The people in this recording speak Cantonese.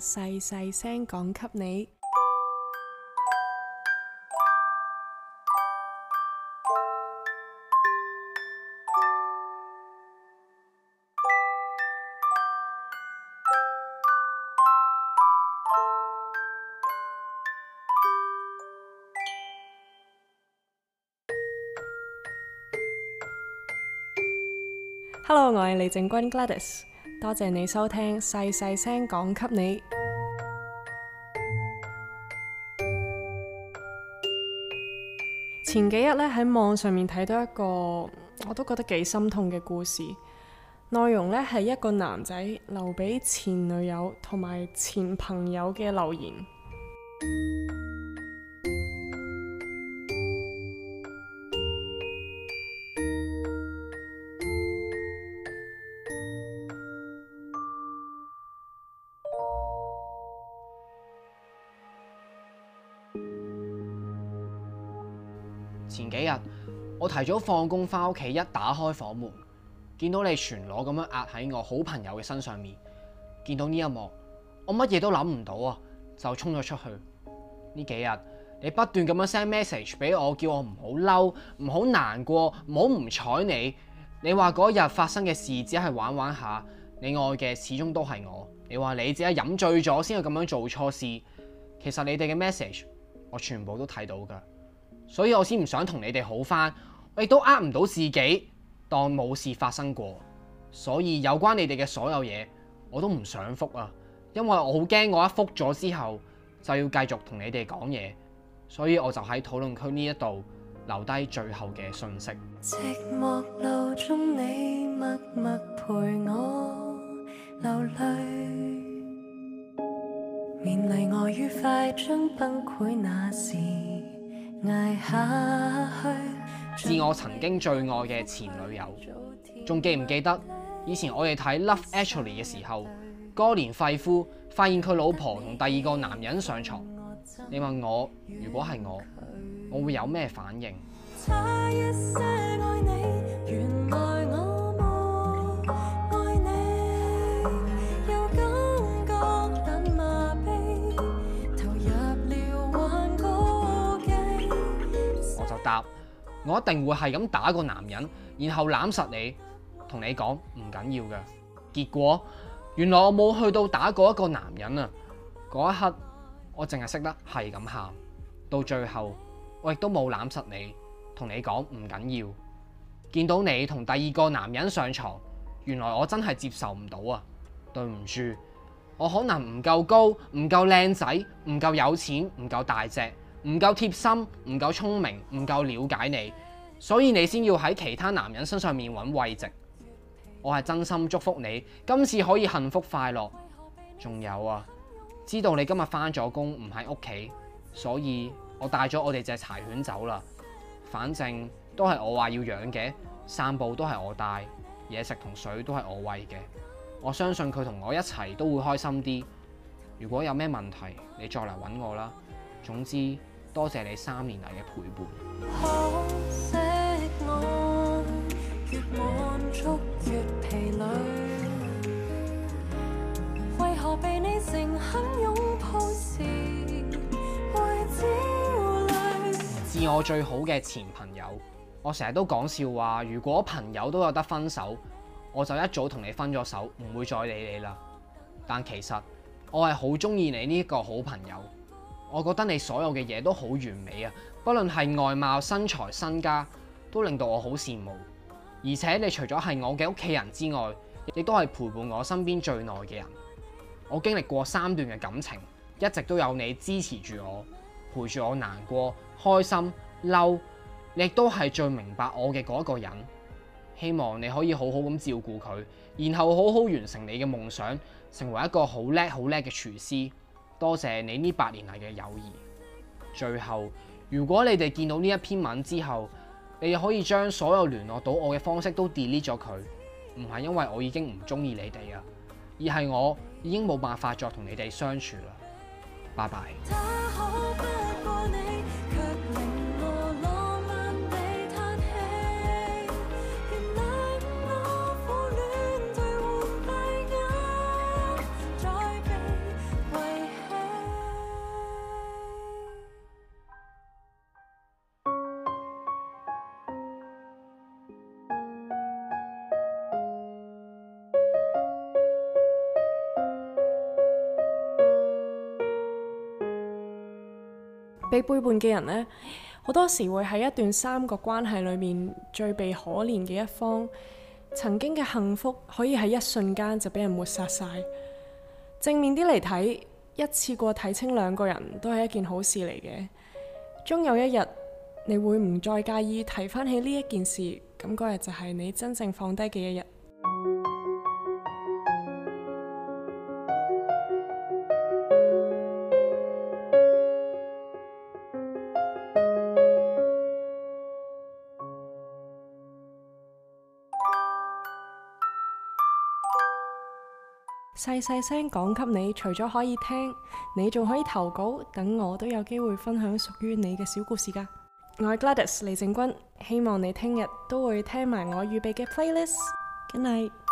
細細聲講給你。Hello，我係李靜君，Gladys。多謝你收聽，細細聲講給你。前幾日呢喺網上面睇到一個，我都覺得幾心痛嘅故事。內容呢係一個男仔留俾前女友同埋前朋友嘅留言。前幾日我提早放工返屋企，一打開房門，見到你全裸咁樣壓喺我好朋友嘅身上面，見到呢一幕，我乜嘢都諗唔到啊！就衝咗出去。呢幾日你不斷咁樣 send message 俾我，叫我唔好嬲，唔好難過，唔好唔睬你。你話嗰日發生嘅事只係玩玩下，你愛嘅始終都係我。你話你只係飲醉咗先去咁樣做錯事，其實你哋嘅 message 我全部都睇到㗎。所以我先唔想同你哋好翻，我亦都呃唔到自己，當冇事發生過。所以有關你哋嘅所有嘢，我都唔想覆啊，因為我好驚我一覆咗之後，就要繼續同你哋講嘢，所以我就喺討論區呢一度留低最後嘅信息。寂寞流中，你默默陪我流淚，是我曾經最愛嘅前女友，仲記唔記得以前我哋睇《Love Actually》嘅時候，哥連肺夫發現佢老婆同第二個男人上床，你問我如果係我，我會有咩反應？答，我一定會係咁打個男人，然後攬實你，同你講唔緊要嘅。結果原來我冇去到打過一個男人啊！嗰一刻我淨係識得係咁喊，到最後我亦都冇攬實你，同你講唔緊要。見到你同第二個男人上床，原來我真係接受唔到啊！對唔住，我可能唔夠高，唔夠靚仔，唔夠有錢，唔夠大隻。唔夠貼心，唔夠聰明，唔夠了解你，所以你先要喺其他男人身上面揾慰藉。我係真心祝福你，今次可以幸福快樂。仲有啊，知道你今日返咗工，唔喺屋企，所以我帶咗我哋隻柴犬走啦。反正都係我話要養嘅，散步都係我帶，嘢食同水都係我餵嘅。我相信佢同我一齊都會開心啲。如果有咩問題，你再嚟揾我啦。總之。多謝你三年嚟嘅陪伴。致我最好嘅前朋友，我成日都講笑話，如果朋友都有得分手，我就一早同你分咗手，唔會再理你啦。但其實我係好中意你呢個好朋友。我覺得你所有嘅嘢都好完美啊，不論係外貌、身材、身家，都令到我好羨慕。而且你除咗係我嘅屋企人之外，亦都係陪伴我身邊最耐嘅人。我經歷過三段嘅感情，一直都有你支持住我，陪住我難過、開心、嬲，亦都係最明白我嘅嗰一個人。希望你可以好好咁照顧佢，然後好好完成你嘅夢想，成為一個好叻好叻嘅廚師。多謝你呢八年嚟嘅友誼。最後，如果你哋見到呢一篇文之後，你可以將所有聯絡到我嘅方式都 delete 咗佢。唔係因為我已經唔中意你哋啊，而係我已經冇辦法再同你哋相處啦。拜拜。你被背叛嘅人咧，好多時會喺一段三角關係裏面最被可憐嘅一方，曾經嘅幸福可以喺一瞬間就俾人抹殺晒。正面啲嚟睇，一次過睇清兩個人都係一件好事嚟嘅。終有一日，你會唔再介意提翻起呢一件事，咁嗰日就係你真正放低嘅一日。細細聲講給你，除咗可以聽，你仲可以投稿，等我都有機會分享屬於你嘅小故事噶。我係 Gladys 李靜君，希望你聽日都會聽埋我預備嘅 playlist。Good night。